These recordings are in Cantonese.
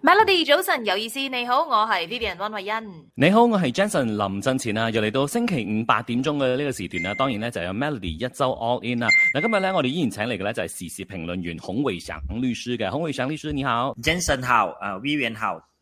Melody 早晨，有意思，你好，我係 Vivian 溫慧欣。你好，我係 Jensen 林振前啊，又嚟到星期五八點鐘嘅呢個時段啦、啊。當然呢，就有 Melody 一周 All In 啊，啊。今日呢，我哋依然請嚟嘅呢，就係時事評論員洪偉翔律師嘅，洪偉翔律師你好，Jensen 好，啊、呃、Vivian 好。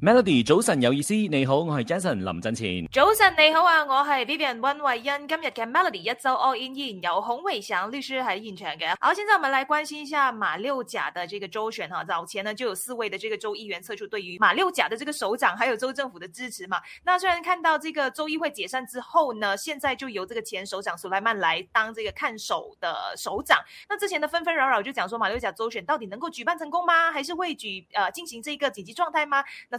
Melody，早晨有意思，你好，我是 Jason 林振前。早晨你好啊，我是 v i v i a n 溫慧恩，今日嘅 Melody 一周 All In in，由洪維上律師喺現場嘅。好，現在我們來關心一下馬六甲的這個週選哈、啊。早前呢就有四位的這個州議員測出對於馬六甲的這個首長還有州政府的支持嘛。那雖然看到這個州議會解散之後呢，現在就由這個前首長蘇萊曼來當這個看守的首長。那之前的紛紛擾擾就講說馬六甲週選到底能夠舉辦成功嗎？還是會舉呃，進行這個緊急狀態嗎？那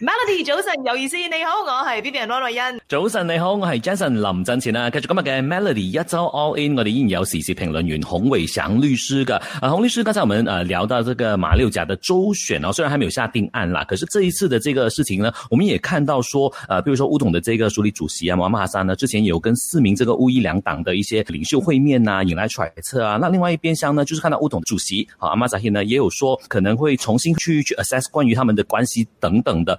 Melody 早晨，有意思，你好，我係 B B 人安慧欣。早晨你好，我係 Jason 林振前，呢繼續今日嘅 Melody 一周 All In，我哋依然有時事評論員洪偉翔律師的啊，洪律師，剛才我們呃聊到這個馬六甲的周選哦，雖然還沒有下定案啦，可是這一次的這個事情呢，我們也看到說，呃比如說巫統的這個署理主席啊，毛阿馬哈山呢，之前有跟四名這個巫伊兩黨的一些領袖會面啊，引來揣測啊。那另外一邊廂呢，就是看到巫統主席啊，阿馬哈山呢，也有說可能會重新去去 assess 關於他們的關係等等的。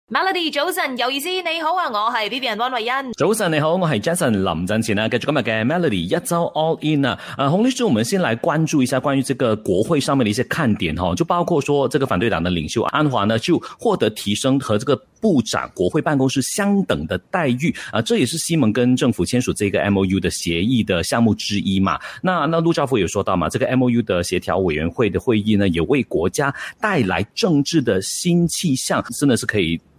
Melody 早晨有意思，你好啊，我係 Vivian 温慧欣。早晨你好，我係 Jason 林振前呢，繼續今日嘅 Melody 一周 All In 啊。啊洪律師我們先來關注一下關於這個國會上面的一些看點哈、啊，就包括說這個反對黨的領袖安華呢，就獲得提升和這個部長國會辦公室相等的待遇啊，這也是西蒙跟政府簽署這個 M O U 的協議的項目之一嘛。那、那陸兆福有說到嘛，這個 M O U 的協調委員會的會議呢，也為國家帶來政治的新氣象，真的是可以。